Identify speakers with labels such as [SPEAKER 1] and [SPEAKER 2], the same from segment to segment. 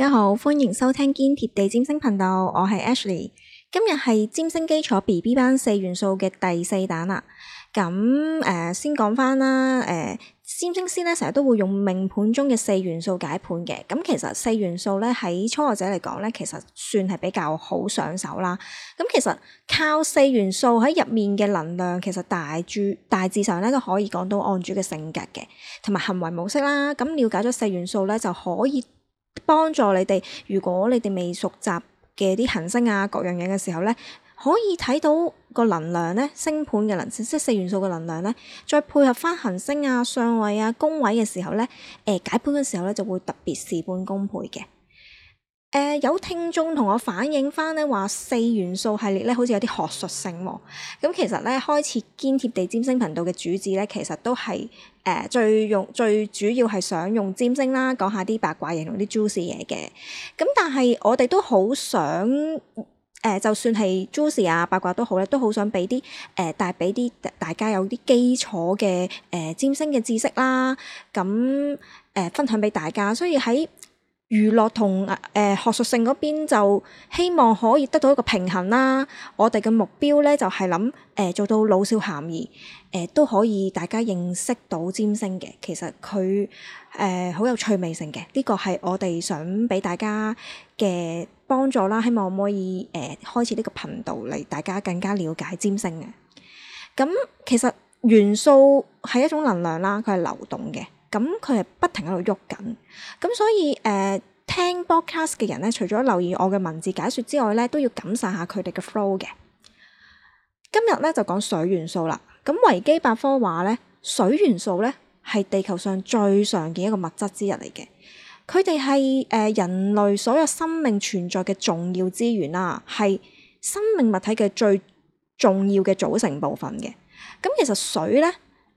[SPEAKER 1] 大家好，歡迎收聽堅貼地占星頻道，我係 Ashley。今日係占星基礎 B B 班四元素嘅第四彈啦。咁誒、呃，先講翻啦，誒、呃，占星師咧成日都會用命盤中嘅四元素解盤嘅。咁其實四元素咧喺初學者嚟講咧，其實算係比較好上手啦。咁其實靠四元素喺入面嘅能量，其實大住大致上咧都可以講到案主嘅性格嘅，同埋行為模式啦。咁了解咗四元素咧，就可以。幫助你哋，如果你哋未熟習嘅啲行星啊各樣嘢嘅時候咧，可以睇到個能量咧，星盤嘅能量，即係四元素嘅能量咧，再配合翻行星啊、相位啊、宮位嘅時候咧，誒、呃、解盤嘅時候咧就會特別事半功倍嘅。誒、呃，有聽眾同我反映翻咧，話四元素系列咧，好似有啲學術性喎、啊。咁、嗯、其實咧，開始堅貼地占星頻道嘅主旨咧，其實都係誒、呃、最用最主要係想用占星啦，講下啲八卦，形容啲 juicy 嘢嘅。咁、嗯、但係我哋都好想，誒、呃，就算係 juicy 啊八卦都好咧，都好想俾啲誒，帶俾啲大家有啲基礎嘅誒占星嘅知識啦，咁誒、呃、分享俾大家。所以喺娛樂同誒、呃、學術性嗰邊就希望可以得到一個平衡啦。我哋嘅目標咧就係諗誒做到老少咸宜，誒、呃、都可以大家認識到占星嘅。其實佢誒好有趣味性嘅，呢個係我哋想俾大家嘅幫助啦。希望可以誒、呃、開始呢個頻道嚟，大家更加了解占星嘅。咁、嗯、其實元素係一種能量啦，佢係流動嘅。咁佢係不停喺度喐緊，咁所以誒、呃、聽 podcast 嘅人咧，除咗留意我嘅文字解説之外咧，都要感受下佢哋嘅 flow 嘅。今日咧就講水元素啦。咁維基百科話咧，水元素咧係地球上最常見一個物質之一嚟嘅。佢哋係誒人類所有生命存在嘅重要資源啦，係生命物體嘅最重要嘅組成部分嘅。咁其實水咧。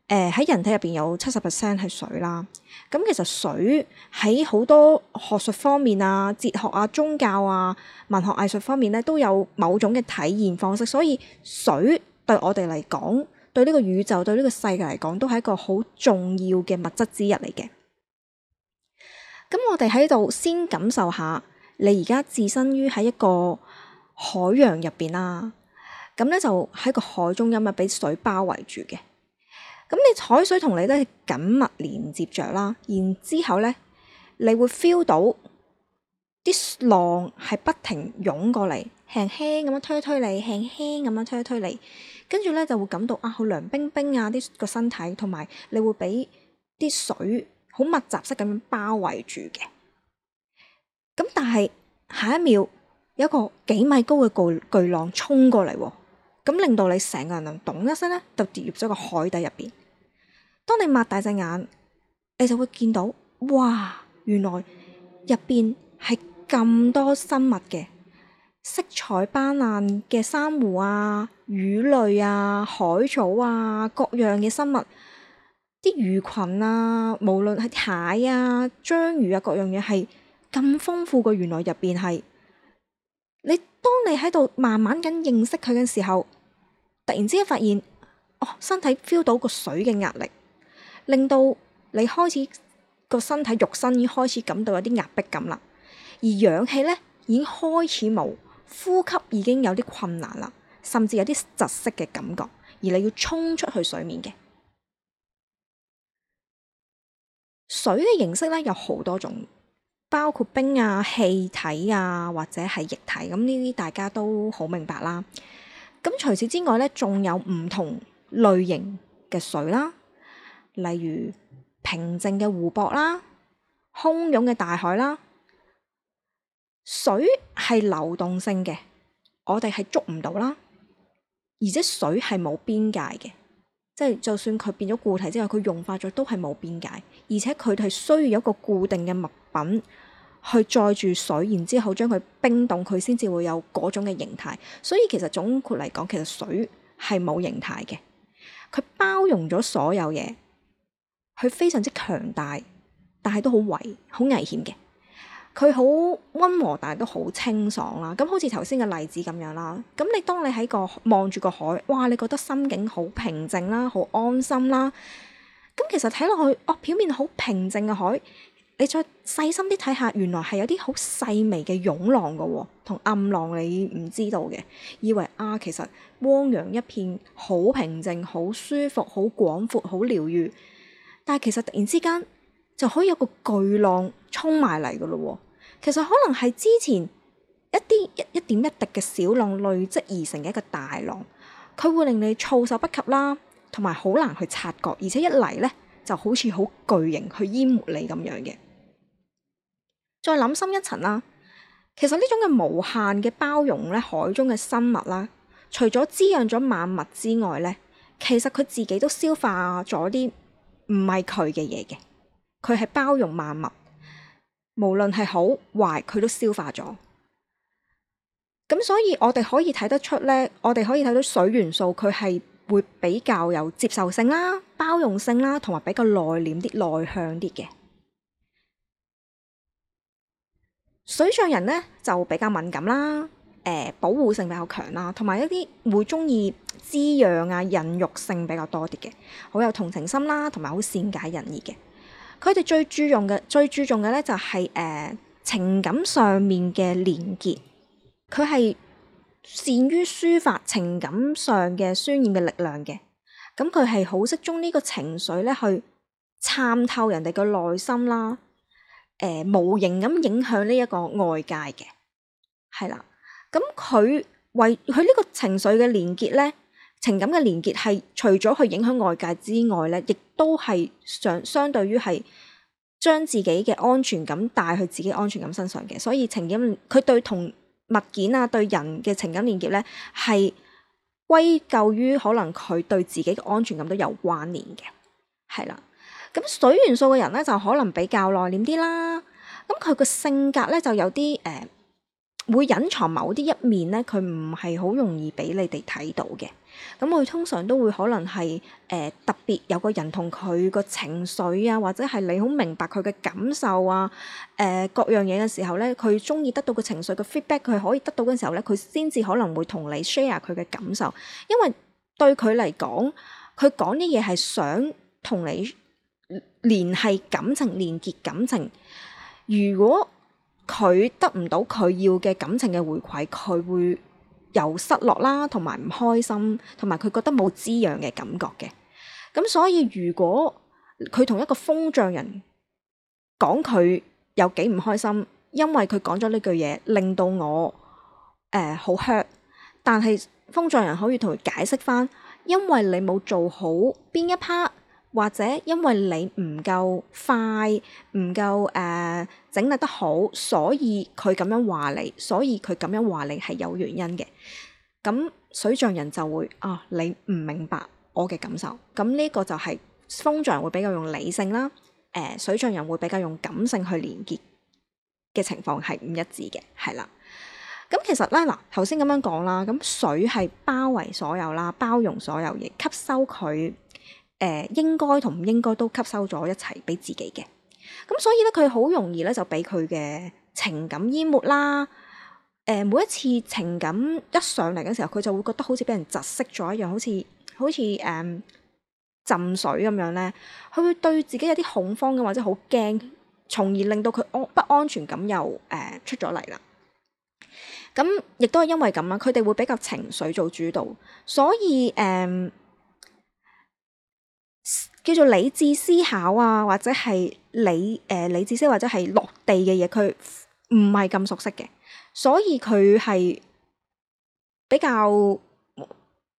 [SPEAKER 1] 誒，喺、呃、人體入邊有七十 percent 係水啦。咁、嗯、其實水喺好多學術方面啊、哲學啊、宗教啊、文學藝術方面咧，都有某種嘅體驗方式。所以水對我哋嚟講，對呢個宇宙、對呢個世界嚟講，都係一個好重要嘅物質之一嚟嘅。咁、嗯、我哋喺度先感受下，你而家置身於喺一個海洋入邊啦。咁、嗯、咧就喺、是、個海中心啊，俾水包圍住嘅。咁你海水同你都係緊密連接着啦，然之後呢，你會 feel 到啲浪係不停湧過嚟，輕輕咁樣推推你，輕輕咁樣推推你，跟住呢，就會感到啊好涼冰冰啊！啲個身體同埋，你會俾啲水好密集式咁樣包圍住嘅。咁但係下一秒有一個幾米高嘅巨浪衝過嚟，咁令到你成個人能咚一聲呢，就跌入咗個海底入邊。當你擘大隻眼，你就會見到哇，原來入邊係咁多生物嘅，色彩斑斕嘅珊瑚啊、魚類啊、海藻啊，各樣嘅生物，啲魚群啊，無論係蟹啊、章魚啊，各樣嘢係咁豐富嘅。原來入邊係你當你喺度慢慢咁認識佢嘅時候，突然之間發現哦，身體 feel 到個水嘅壓力。令到你開始個身體肉身已經開始感到有啲壓迫感啦，而氧氣咧已經開始冇，呼吸已經有啲困難啦，甚至有啲窒息嘅感覺，而你要衝出去水面嘅。水嘅形式咧，有好多種，包括冰啊、氣體啊或者係液體，咁呢啲大家都好明白啦。咁除此之外咧，仲有唔同類型嘅水啦。例如平靜嘅湖泊啦，洶湧嘅大海啦，水係流動性嘅，我哋係捉唔到啦。而且水係冇邊界嘅，即係就算佢變咗固體之後，佢融化咗都係冇邊界。而且佢係需要一個固定嘅物品去載住水，然之後將佢冰凍，佢先至會有嗰種嘅形態。所以其實總括嚟講，其實水係冇形態嘅，佢包容咗所有嘢。佢非常之強大，但係都好危好危險嘅。佢好溫和，但係都好清爽啦。咁好似頭先嘅例子咁樣啦。咁你當你喺個望住個海，哇，你覺得心境好平靜啦，好安心啦。咁其實睇落去，哦，表面好平靜嘅海，你再細心啲睇下，原來係有啲好細微嘅湧浪㗎，同暗浪，你唔知道嘅，以為啊，其實汪洋一片好平靜、好舒服、好廣闊、好療癒。但係，其實突然之間就可以有個巨浪沖埋嚟嘅咯。其實可能係之前一啲一一點一滴嘅小浪累積而成嘅一個大浪，佢會令你措手不及啦，同埋好難去察覺，而且一嚟呢就好似好巨型去淹沒你咁樣嘅。再諗深一層啦，其實呢種嘅無限嘅包容咧，海中嘅生物啦，除咗滋養咗萬物之外咧，其實佢自己都消化咗啲。唔係佢嘅嘢嘅，佢係包容萬物，無論係好壞，佢都消化咗。咁所以我哋可以睇得出咧，我哋可以睇到水元素佢係會比較有接受性啦、包容性啦，同埋比較內斂啲、內向啲嘅。水象人咧就比較敏感啦。誒，保護性比較強啦，同埋一啲會中意滋養啊、孕育性比較多啲嘅，好有同情心啦，同埋好善解人意嘅。佢哋最注重嘅、最注重嘅咧就係、是、誒、呃、情感上面嘅連結。佢係善於抒發情感上嘅宣言嘅力量嘅。咁佢係好適中呢個情緒咧，去參透人哋嘅內心啦。誒，無形咁影響呢一個外界嘅，係啦。咁佢為佢呢個情緒嘅連結咧，情感嘅連結係除咗去影響外界之外咧，亦都係相相對於係將自己嘅安全感帶去自己安全感身上嘅。所以情感佢對同物件啊，對人嘅情感連結咧，係歸咎於可能佢對自己嘅安全感都有關聯嘅。係啦，咁水元素嘅人咧就可能比較內斂啲啦。咁佢個性格咧就有啲誒。呃會隱藏某啲一面咧，佢唔係好容易俾你哋睇到嘅。咁佢通常都會可能係誒、呃、特別有個人同佢個情緒啊，或者係你好明白佢嘅感受啊，誒、呃、各樣嘢嘅時候咧，佢中意得到個情緒個 feedback，佢可以得到嘅時候咧，佢先至可能會同你 share 佢嘅感受，因為對佢嚟講，佢講啲嘢係想同你聯繫感情、連結感情。如果佢得唔到佢要嘅感情嘅回饋，佢會有失落啦，同埋唔開心，同埋佢覺得冇滋養嘅感覺嘅。咁所以如果佢同一個風象人講佢有幾唔開心，因為佢講咗呢句嘢令到我誒好 hurt，但係風象人可以同佢解釋返，因為你冇做好邊一 part。或者因為你唔夠快，唔夠誒整理得好，所以佢咁樣話你，所以佢咁樣話你係有原因嘅。咁水象人就會啊，你唔明白我嘅感受。咁呢個就係風象人會比較用理性啦，誒、呃、水象人會比較用感性去連結嘅情況係唔一致嘅，係啦。咁其實咧嗱，頭先咁樣講啦，咁水係包圍所有啦，包容所有嘢，吸收佢。誒應該同唔應該都吸收咗一齊俾自己嘅，咁所以咧佢好容易咧就俾佢嘅情感淹沒啦。誒、呃、每一次情感一上嚟嘅時候，佢就會覺得好似俾人窒息咗一樣，好似好似誒、嗯、浸水咁樣咧，佢會對自己有啲恐慌咁，或者好驚，從而令到佢安不安全感又誒、嗯、出咗嚟啦。咁亦都係因為咁啊，佢哋會比較情緒做主導，所以誒、嗯叫做理智思考啊，或者係理誒、呃、理智識，或者係落地嘅嘢，佢唔係咁熟悉嘅，所以佢係比較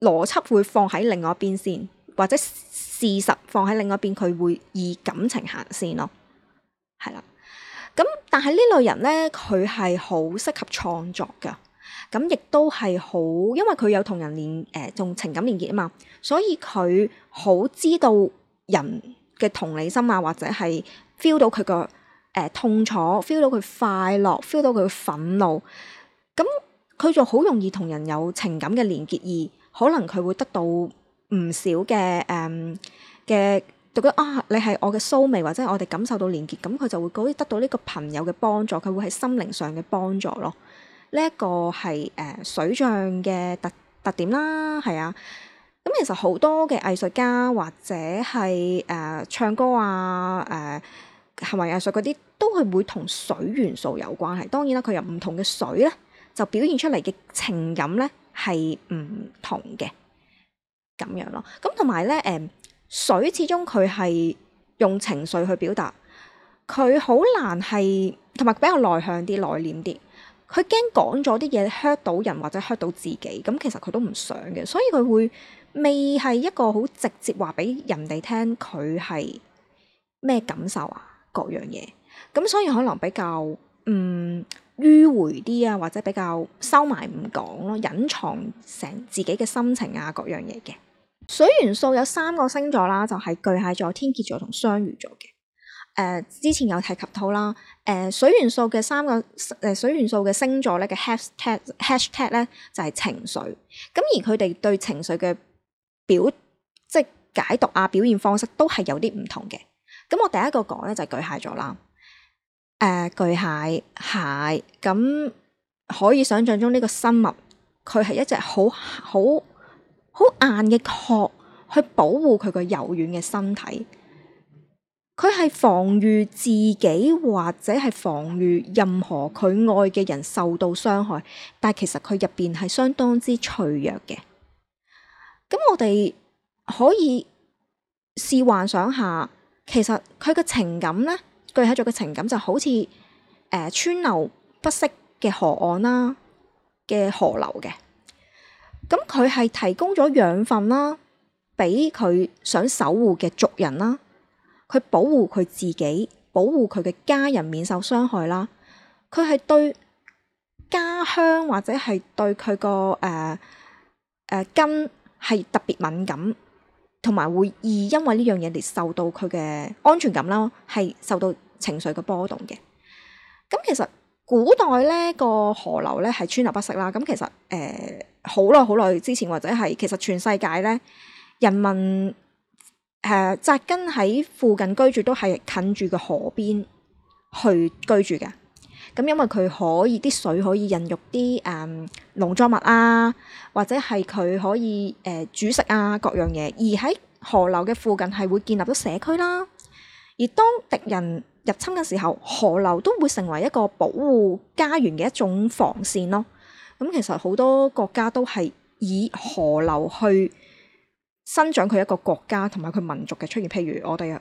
[SPEAKER 1] 邏輯會放喺另外一邊先，或者事實放喺另外一邊，佢會以感情行先咯，係啦。咁但係呢類人咧，佢係好適合創作㗎，咁亦都係好，因為佢有同人連誒仲、呃、情感連結啊嘛，所以佢好知道。人嘅同理心啊，或者係 feel 到佢個誒痛楚，feel 到佢快樂，feel 到佢嘅憤怒，咁佢就好容易同人有情感嘅連結，而可能佢會得到唔少嘅誒嘅，覺、嗯、得啊，你係我嘅 soulmate，或者我哋感受到連結，咁佢就會可以得到呢個朋友嘅幫助，佢會喺心靈上嘅幫助咯。呢、這、一個係誒、呃、水象嘅特特點啦，係啊。咁其實好多嘅藝術家或者係誒、呃、唱歌啊、誒行為藝術嗰啲，都係會同水元素有關係。當然啦，佢有唔同嘅水咧，就表現出嚟嘅情感咧係唔同嘅咁樣咯。咁同埋咧，誒水始終佢係用情緒去表達，佢好難係同埋比較內向啲、內斂啲。佢驚講咗啲嘢 hurt 到人或者 hurt 到自己，咁其實佢都唔想嘅，所以佢會未係一個好直接話俾人哋聽佢係咩感受啊，各樣嘢，咁所以可能比較嗯迂迴啲啊，或者比較收埋唔講咯，隱藏成自己嘅心情啊，各樣嘢嘅。水元素有三個星座啦，就係巨蟹座、天蠍座同雙魚座嘅。誒、呃、之前有提及到啦，誒、呃、水元素嘅三個誒、呃、水元素嘅星座咧嘅 hashtag hashtag 咧就係、是、情緒，咁而佢哋對情緒嘅表即係解讀啊表現方式都係有啲唔同嘅。咁我第一個講咧就是、巨蟹座啦，誒、呃、巨蟹蟹咁可以想象中呢個生物佢係一隻好好好硬嘅殼去保護佢個柔軟嘅身體。佢係防禦自己或者係防禦任何佢愛嘅人受到傷害，但係其實佢入邊係相當之脆弱嘅。咁我哋可以試幻想下，其實佢嘅情感呢，具喺咗嘅情感就好似誒川流不息嘅河岸啦、啊、嘅河流嘅，咁佢係提供咗養分啦、啊，俾佢想守護嘅族人啦、啊。佢保護佢自己，保護佢嘅家人免受傷害啦。佢係對家鄉或者係對佢個誒誒根係特別敏感，同埋會易因為呢樣嘢而受到佢嘅安全感啦，係受到情緒嘅波動嘅。咁、嗯、其實古代咧、個河流咧係川流不息啦。咁、嗯、其實誒好耐好耐之前或者係其實全世界咧人民。誒、呃、扎根喺附近居住都係近住個河邊去居住嘅，咁因為佢可以啲水可以孕育啲誒農作物啊，或者係佢可以誒、呃、煮食啊各樣嘢，而喺河流嘅附近係會建立咗社區啦。而當敵人入侵嘅時候，河流都會成為一個保護家園嘅一種防線咯。咁、嗯、其實好多國家都係以河流去生長佢一個國家同埋佢民族嘅出現，譬如我哋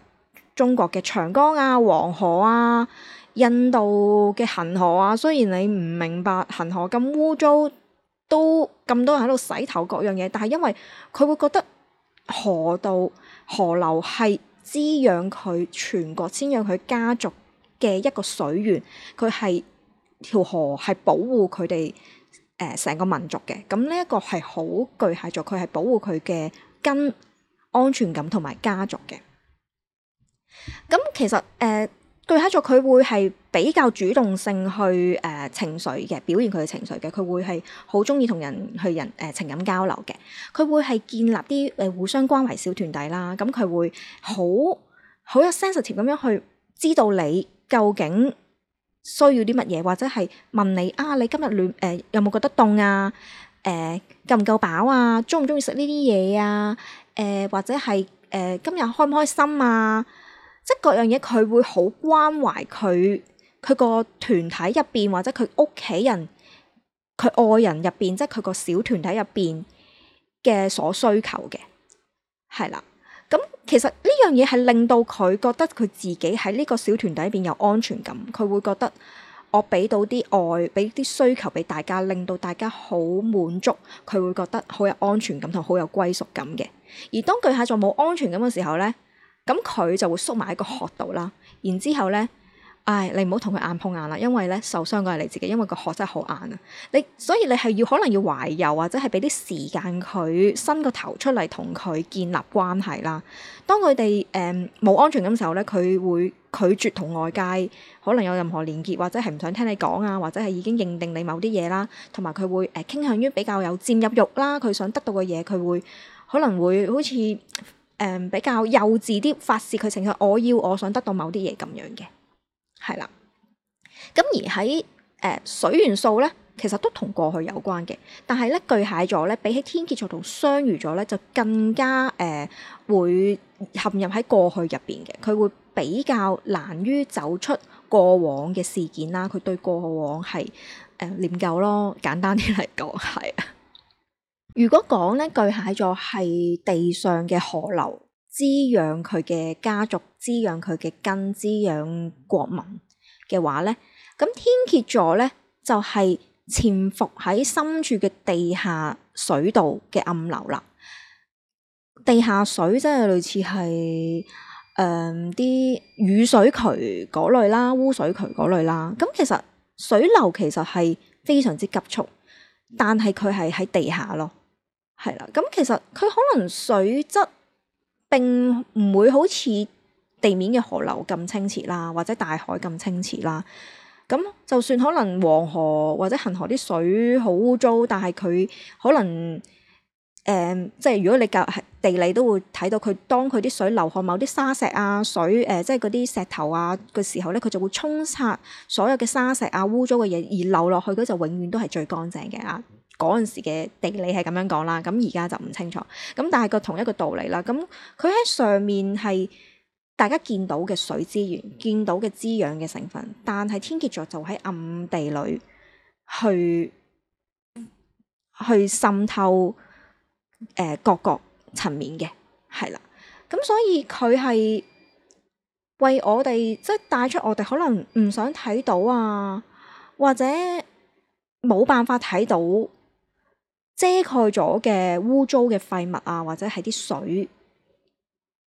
[SPEAKER 1] 中國嘅長江啊、黃河啊，印度嘅恆河啊。雖然你唔明白恆河咁污糟，都咁多人喺度洗頭各樣嘢，但係因為佢會覺得河道、河流係滋養佢全國、滋養佢家族嘅一個水源，佢係條河係保護佢哋誒成個民族嘅。咁呢一個係好巨蟹座，佢係保護佢嘅。跟安全感同埋家族嘅，咁其實誒巨蟹座佢會係比較主動性去誒、呃、情緒嘅表現，佢嘅情緒嘅佢會係好中意同人去人誒、呃、情感交流嘅，佢會係建立啲誒互相關懷小團體啦，咁佢會好好有 sentiment 咁樣去知道你究竟需要啲乜嘢，或者係問你啊，你今日暖誒有冇覺得凍啊？誒，夠唔夠飽啊？中唔中意食呢啲嘢啊？誒、呃，或者係誒、呃，今日開唔開心啊？即各樣嘢，佢會好關懷佢佢個團體入邊，或者佢屋企人、佢愛人入邊，即係佢個小團體入邊嘅所需求嘅，係啦。咁其實呢樣嘢係令到佢覺得佢自己喺呢個小團體入邊有安全感，佢會覺得。我俾到啲愛，俾啲需求俾大家，令到大家好滿足，佢會覺得好有安全感同好有歸屬感嘅。而當巨蟹座冇安全感嘅時候咧，咁佢就會縮埋喺個殼度啦。然之後咧。唉，你唔好同佢硬碰硬啦，因為咧，受傷嘅係你自己，因為個殼真係好硬啊。你，所以你係要可能要懷柔，或者係俾啲時間佢伸個頭出嚟，同佢建立關係啦。當佢哋誒冇安全感時候咧，佢會拒絕同外界可能有任何連結，或者係唔想聽你講啊，或者係已經認定你某啲嘢啦。同埋佢會誒傾、呃、向於比較有佔有欲啦，佢想得到嘅嘢佢會可能會好似誒、呃、比較幼稚啲發泄佢情緒，我要我想得到某啲嘢咁樣嘅。係啦，咁而喺誒、呃、水元素咧，其實都同過去有關嘅。但係咧，巨蟹座咧比起天蠍座同雙魚座咧，就更加誒、呃、會陷入喺過去入邊嘅。佢會比較難於走出過往嘅事件啦。佢對過往係誒、呃、念舊咯。簡單啲嚟講，係。如果講咧巨蟹座係地上嘅河流。滋養佢嘅家族，滋養佢嘅根，滋養國民嘅話呢，咁天蠍座呢，就係潛伏喺深處嘅地下水道嘅暗流啦。地下水即係類似係誒啲雨水渠嗰類啦，污水渠嗰類啦。咁其實水流其實係非常之急促，但係佢係喺地下咯，係啦。咁其實佢可能水質。並唔會好似地面嘅河流咁清澈啦，或者大海咁清澈啦。咁就算可能黃河或者恒河啲水好污糟，但係佢可能誒，即、呃、係、就是、如果你隔係地理都會睇到佢，當佢啲水流向某啲沙石啊、水誒，即係嗰啲石頭啊嘅時候咧，佢就會沖刷所有嘅沙石啊、污糟嘅嘢，而流落去嗰就永遠都係最乾淨嘅啊。嗰陣時嘅地理係咁樣講啦，咁而家就唔清楚。咁但係個同一個道理啦，咁佢喺上面係大家見到嘅水資源、見到嘅滋養嘅成分，但係天蠍座就喺暗地裏去去滲透誒、呃、各個層面嘅，係啦。咁所以佢係為我哋即係帶出我哋可能唔想睇到啊，或者冇辦法睇到。遮蓋咗嘅污糟嘅廢物啊，或者係啲水，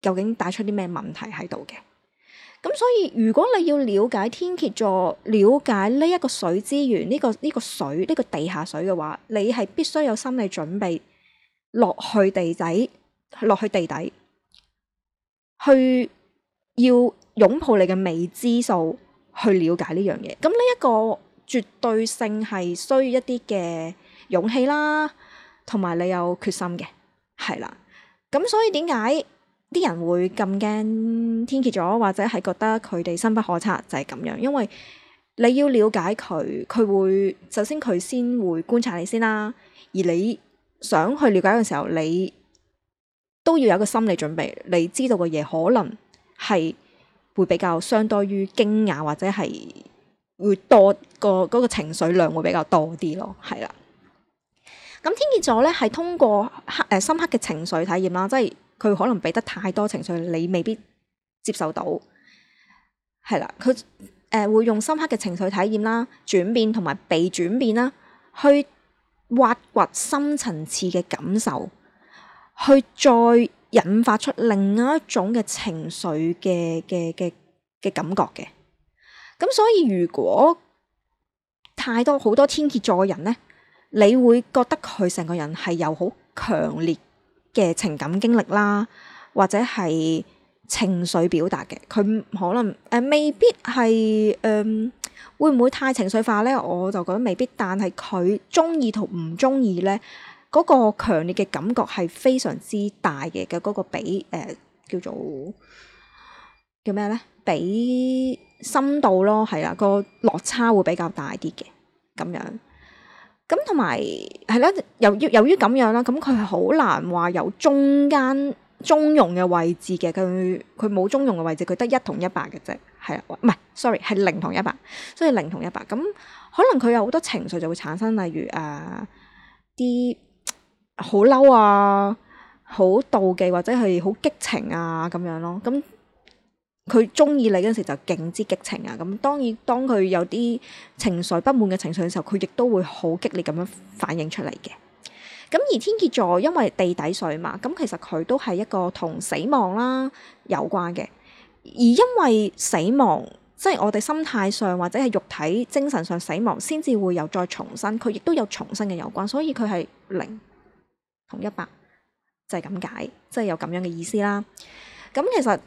[SPEAKER 1] 究竟帶出啲咩問題喺度嘅？咁所以如果你要了解天蠍座，了解呢一個水資源，呢個呢個水，呢個地下水嘅話，你係必須有心理準備落去地底，落去地底去要擁抱你嘅未知數，去了解呢樣嘢。咁呢一個絕對性係需要一啲嘅。勇氣啦，同埋你有決心嘅，係啦。咁所以點解啲人會咁驚天蠍座，或者係覺得佢哋深不可測？就係、是、咁樣，因為你要了解佢，佢會首先佢先會觀察你先啦。而你想去了解嘅時候，你都要有個心理準備。你知道嘅嘢可能係會比較相對於驚訝，或者係會多個嗰、那個情緒量會比較多啲咯。係啦。咁天蠍座咧，係通過黑誒深刻嘅情緒體驗啦，即係佢可能俾得太多情緒，你未必接受到，係啦，佢誒會用深刻嘅情緒體驗啦、轉變同埋被轉變啦，去挖掘深層次嘅感受，去再引發出另外一種嘅情緒嘅嘅嘅嘅感覺嘅。咁所以如果太多好多天蠍座嘅人咧，你會覺得佢成個人係有好強烈嘅情感經歷啦，或者係情緒表達嘅，佢可能誒、呃、未必係誒、呃、會唔會太情緒化咧？我就覺得未必，但係佢中意同唔中意咧，嗰、嗰個強烈嘅感覺係非常之大嘅，嘅、嗰、嗰個比誒、呃、叫做叫咩咧？比深度咯，係啦，嗰個落差會比較大啲嘅咁樣。咁同埋係啦，由於由於咁樣啦，咁佢係好難話有中間中庸嘅位置嘅，佢佢冇中庸嘅位置，佢得一同一百嘅啫。係啊，唔係，sorry，係零同一百，所以零同一百，咁、嗯、可能佢有好多情緒就會產生，例如啊啲好嬲啊，好、啊、妒忌或者係好激情啊咁樣咯，咁、嗯。佢中意你嗰時就勁之激情啊！咁當然，當佢有啲情緒不滿嘅情緒嘅時候，佢亦都會好激烈咁樣反應出嚟嘅。咁而天蠍座因為地底水嘛，咁其實佢都係一個同死亡啦有關嘅。而因為死亡，即係我哋心態上或者係肉體、精神上死亡，先至會有再重生。佢亦都有重生嘅有關，所以佢係零同一百就係咁解，即係有咁樣嘅意思啦。咁其實。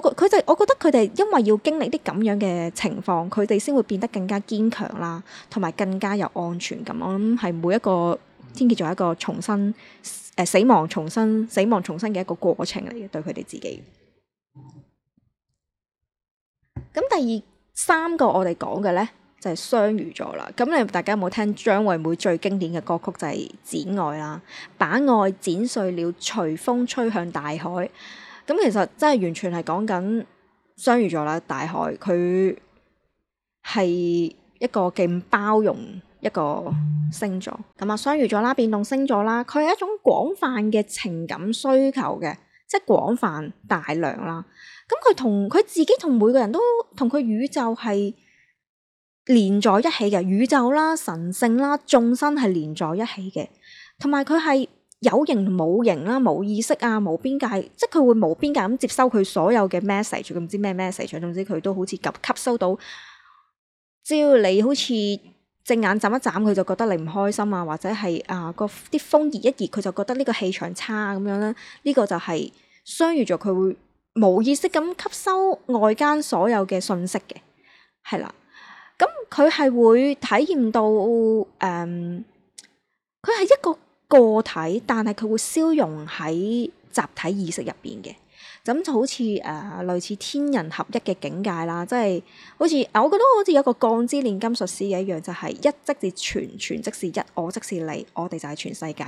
[SPEAKER 1] 個佢就，我覺得佢哋因為要經歷啲咁樣嘅情況，佢哋先會變得更加堅強啦，同埋更加有安全感。我諗係每一個天蠍座一個重生，誒死亡重生、死亡重生嘅一個過程嚟嘅，對佢哋自己。咁、嗯、第二三個我哋講嘅咧就係、是、雙魚座啦。咁你大家有冇聽張惠妹最經典嘅歌曲就係、是《剪愛》啦？把愛剪碎了，隨風吹向大海。咁其實真係完全係講緊雙魚座啦，大海佢係一個勁包容一個星座。咁啊，雙魚座啦，變動星座啦，佢係一種廣泛嘅情感需求嘅，即係廣泛大量啦。咁佢同佢自己同每個人都同佢宇宙係連在一起嘅，宇宙啦、神聖啦、眾生係連在一起嘅，同埋佢係。有形冇形啦，冇意識啊，冇邊界，即係佢會冇邊界咁接收佢所有嘅 message，唔知咩 message，總之佢都好似吸吸收到。只要你好似隻眼眨一眨，佢就覺得你唔開心啊，或者係啊個啲風熱一熱，佢就覺得呢個氣場差咁樣啦。呢、呢個就係雙魚座，佢會冇意識咁吸收外間所有嘅信息嘅，係啦。咁佢係會體驗到誒，佢、嗯、係一個個體，但係佢會消融喺集體意識入邊嘅，咁就好似誒、呃、類似天人合一嘅境界啦，即、就、係、是、好似我覺得好似有個鋼之煉金術師嘅一樣，就係、是、一即是全，全即是一，我即是你，我哋就係全世界，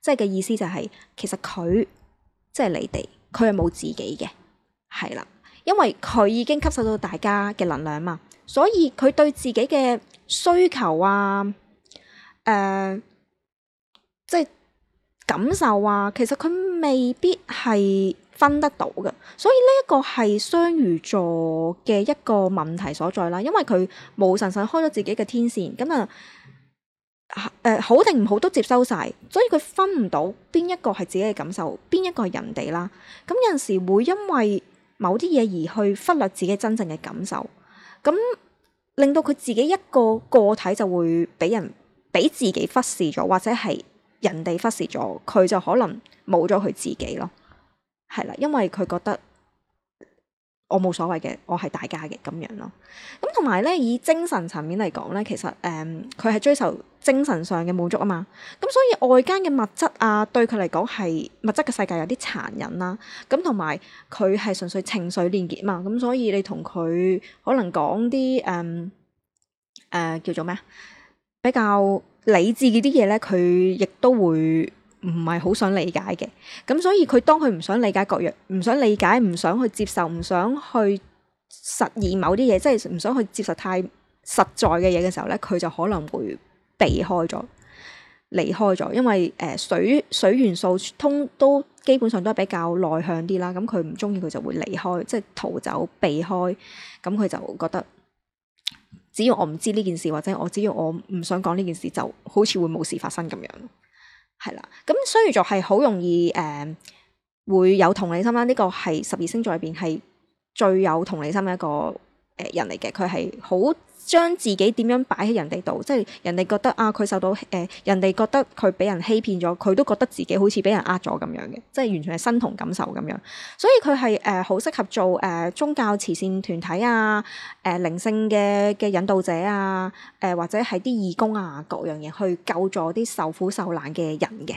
[SPEAKER 1] 即係嘅意思就係、是、其實佢即係你哋，佢係冇自己嘅，係啦，因為佢已經吸收到大家嘅能量嘛，所以佢對自己嘅需求啊，誒、呃。即係感受啊，其實佢未必係分得到嘅，所以呢一個係雙魚座嘅一個問題所在啦。因為佢無神神開咗自己嘅天線，咁啊誒、呃、好定唔好都接收晒，所以佢分唔到邊一個係自己嘅感受，邊一個係人哋啦。咁有陣時會因為某啲嘢而去忽略自己真正嘅感受，咁令到佢自己一個個體就會俾人俾自己忽視咗，或者係。人哋忽視咗，佢就可能冇咗佢自己咯，係啦，因為佢覺得我冇所謂嘅，我係大家嘅咁樣咯。咁同埋咧，以精神層面嚟講咧，其實誒，佢、嗯、係追求精神上嘅滿足啊嘛。咁、嗯、所以外間嘅物質啊，對佢嚟講係物質嘅世界有啲殘忍啦。咁同埋佢係純粹情緒連結啊嘛。咁、嗯、所以你同佢可能講啲誒誒叫做咩比較。理智嗰啲嘢咧，佢亦都會唔係好想理解嘅。咁所以佢當佢唔想理解各樣，唔想理解，唔想去接受，唔想去實現某啲嘢，即係唔想去接受太實在嘅嘢嘅時候咧，佢就可能會避開咗、離開咗。因為誒、呃、水水元素通都基本上都係比較內向啲啦。咁佢唔中意佢就會離開，即係逃走、避開。咁佢就覺得。只要我唔知呢件事，或者我只要我唔想講呢件事，就好似會冇事發生咁樣，係啦。咁所以就係好容易誒、呃、會有同理心啦，呢、呢個係十二星座入邊係最有同理心嘅一個誒、呃、人嚟嘅，佢係好。將自己點樣擺喺人哋度，即係人哋覺得啊，佢受到誒，呃、人哋覺得佢俾人欺騙咗，佢都覺得自己好似俾人呃咗咁樣嘅，即係完全係身同感受咁樣。所以佢係誒好適合做誒、呃、宗教慈善團體啊，誒、呃、靈性嘅嘅引導者啊，誒、呃、或者係啲義工啊，各樣嘢去救助啲受苦受難嘅人嘅。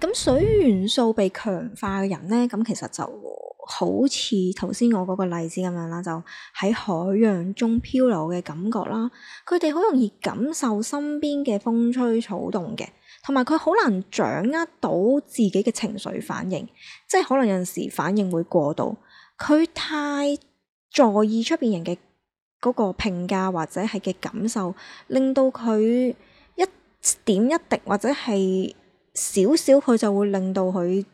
[SPEAKER 1] 咁水元素被強化嘅人咧，咁其實就。好似頭先我嗰個例子咁樣啦，就喺海洋中漂流嘅感覺啦。佢哋好容易感受身邊嘅風吹草動嘅，同埋佢好難掌握到自己嘅情緒反應，即係可能有陣時反應會過度。佢太在意出面人嘅嗰個評價或者係嘅感受，令到佢一點一滴或者係少少，佢就會令到佢。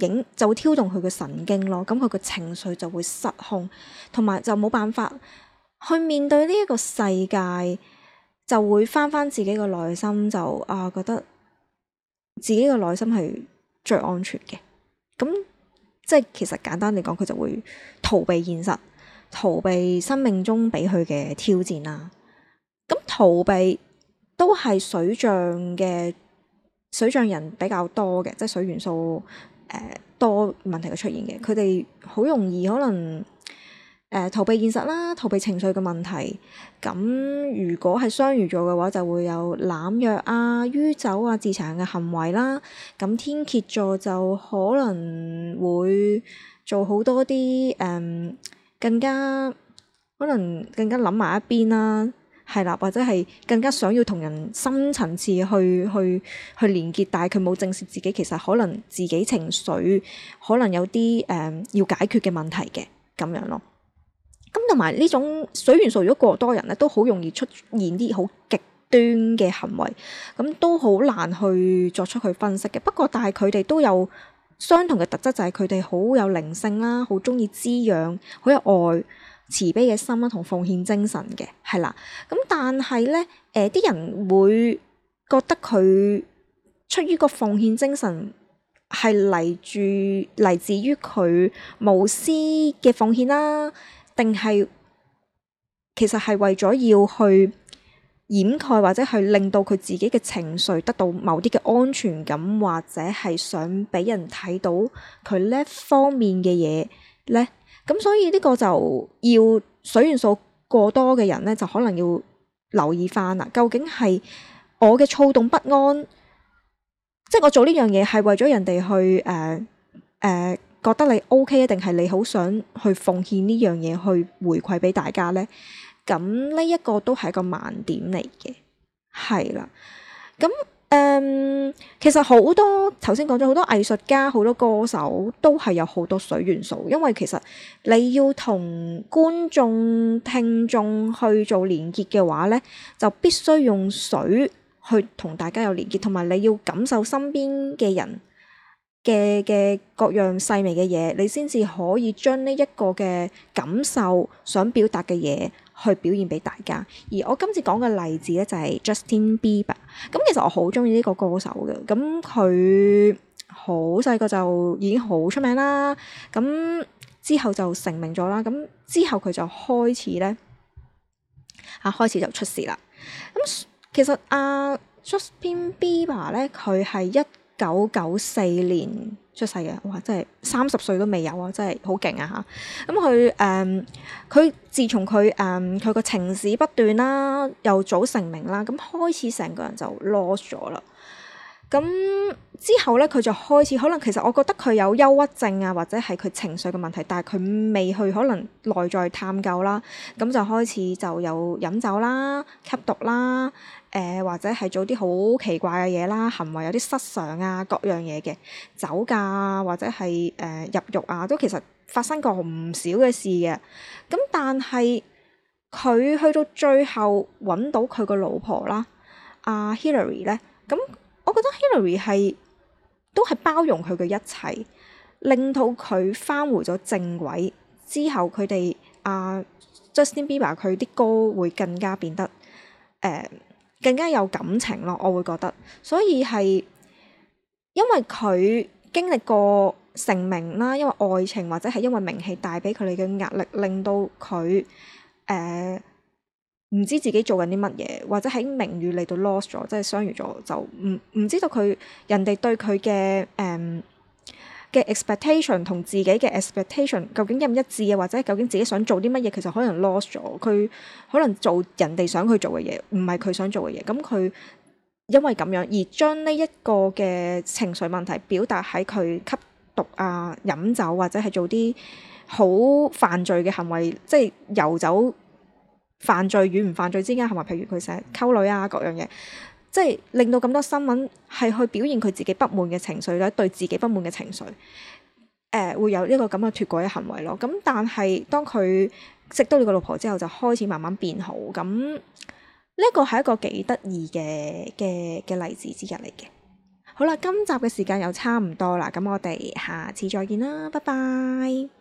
[SPEAKER 1] 影就會挑動佢嘅神經咯，咁佢嘅情緒就會失控，同埋就冇辦法去面對呢一個世界，就會返返自己嘅內心，就啊覺得自己嘅內心係最安全嘅，咁即係其實簡單嚟講，佢就會逃避現實，逃避生命中俾佢嘅挑戰啦。咁逃避都係水象嘅，水象人比較多嘅，即係水元素。誒多問題嘅出現嘅，佢哋好容易可能誒、呃、逃避現實啦，逃避情緒嘅問題。咁如果係雙魚座嘅話，就會有濫藥啊、酗酒啊、自殘嘅行為啦。咁天蠍座就可能會做好多啲誒、呃，更加可能更加諗埋一邊啦。係啦，或者係更加想要同人深層次去去去連結，但係佢冇正視自己，其實可能自己情緒可能有啲誒、呃、要解決嘅問題嘅咁樣咯。咁同埋呢種水元素如果過多人咧，都好容易出現啲好極端嘅行為，咁都好難去作出去分析嘅。不過，但係佢哋都有相同嘅特質，就係佢哋好有靈性啦，好中意滋養，好有愛，慈悲嘅心啦，同奉獻精神嘅，係啦。咁但係咧，誒啲人會覺得佢出於個奉獻精神，係嚟住嚟自於佢無私嘅奉獻啦，定係其實係為咗要去掩蓋，或者係令到佢自己嘅情緒得到某啲嘅安全感，或者係想俾人睇到佢呢方面嘅嘢咧。咁所以呢個就要水元素過多嘅人呢，就可能要留意返啦。究竟係我嘅躁動不安，即係我做呢樣嘢係為咗人哋去誒誒、呃呃、覺得你 OK，定係你好想去奉獻呢樣嘢去回饋俾大家呢？咁呢一個都係一個盲點嚟嘅，係啦，咁。嗯，um, 其實好多頭先講咗好多藝術家、好多歌手都係有好多水元素，因為其實你要同觀眾、聽眾去做連結嘅話呢，就必須用水去同大家有連結，同埋你要感受身邊嘅人嘅嘅各樣細微嘅嘢，你先至可以將呢一個嘅感受想表達嘅嘢。去表現俾大家，而我今次講嘅例子咧就係 Justin Bieber，咁其實我好中意呢個歌手嘅，咁佢好細個就已經好出名啦，咁之後就成名咗啦，咁之後佢就開始咧嚇開始就出事啦，咁其實阿、啊、Justin Bieber 咧佢係一九九四年出世嘅，哇！真係三十歲都未有啊，真係好勁啊吓！咁佢誒，佢、嗯嗯、自從佢誒，佢、嗯、個情史不斷啦，又早成名啦，咁、嗯、開始成個人就 lost 咗啦。咁之後咧，佢就開始可能其實我覺得佢有憂鬱症啊，或者係佢情緒嘅問題，但係佢未去可能內在探究啦。咁就開始就有飲酒啦、吸毒啦，誒、呃、或者係做啲好奇怪嘅嘢啦，行為有啲失常啊，各樣嘢嘅酒駕啊，或者係誒、呃、入獄啊，都其實發生過唔少嘅事嘅。咁但係佢去到最後揾到佢個老婆啦，阿、啊、Hillary 咧，咁。我覺得 Hillary 係都係包容佢嘅一切，令到佢返回咗正位之後，佢哋啊 Justin Bieber 佢啲歌會更加變得誒、呃、更加有感情咯，我會覺得。所以係因為佢經歷過成名啦，因為愛情或者係因為名氣帶俾佢哋嘅壓力，令到佢誒、呃唔知自己做緊啲乜嘢，或者喺名譽嚟到 lost 咗，即係相遇咗，就唔唔知道佢人哋對佢嘅誒嘅 expectation 同自己嘅 expectation 究竟一唔一致啊？或者究竟自己想做啲乜嘢？其實可能 lost 咗，佢可能做人哋想佢做嘅嘢，唔係佢想做嘅嘢。咁佢因為咁樣而將呢一個嘅情緒問題表達喺佢吸毒啊、飲酒或者係做啲好犯罪嘅行為，即係遊走。犯罪與唔犯罪之間係咪？譬如佢成日溝女啊，各樣嘢，即係令到咁多新聞係去表現佢自己不滿嘅情緒咧，對自己不滿嘅情緒，誒、呃、會有呢個咁嘅脫軌嘅行為咯。咁但係當佢識到你個老婆之後，就開始慢慢變好。咁呢一個係一個幾得意嘅嘅嘅例子之一嚟嘅。好啦，今集嘅時間又差唔多啦，咁我哋下次再見啦，拜拜。